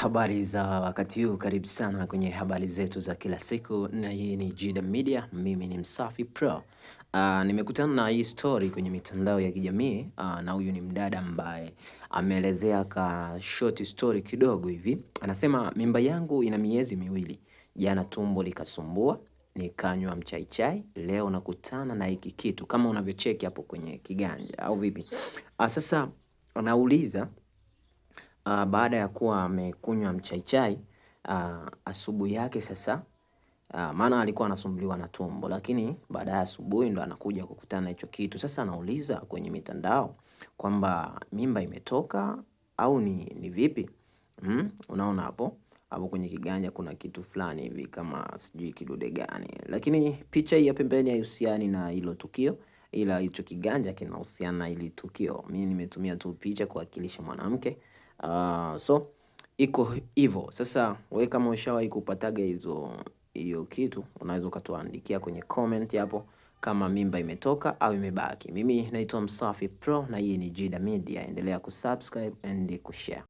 Habari za wakati huu, karibu sana kwenye habari zetu za kila siku, na hii ni Jida Media. Mimi ni Msafi Pro. Uh, nimekutana na hii story kwenye mitandao ya kijamii uh, na huyu ni mdada ambaye ameelezea ka short story kidogo hivi. Anasema mimba yangu ina miezi miwili, jana tumbo likasumbua, nikanywa mchaichai, leo nakutana na hiki kitu kama unavyocheki hapo kwenye kiganja au vipi? Uh, sasa anauliza Uh, baada ya kuwa amekunywa mchaichai uh, ah, asubuhi yake sasa uh, maana alikuwa anasumbuliwa na tumbo, lakini baada ya asubuhi ndo anakuja kukutana hicho kitu. Sasa anauliza kwenye mitandao kwamba mimba imetoka au ni, ni vipi? Mm, unaona hapo hapo kwenye kiganja kuna kitu fulani hivi kama sijui kidude gani, lakini picha hii ya pembeni haihusiani na hilo tukio ila hicho kiganja kinahusiana na ili tukio. Mimi nimetumia tu picha kuwakilisha mwanamke. Uh, so iko hivyo. Sasa we kama ushawahi kupataga hizo hiyo kitu, unaweza ukatuandikia kwenye comment hapo kama mimba imetoka au imebaki. Mimi naitwa Msafi Pro na hii ni Jida Media. Endelea kusubscribe and kushare.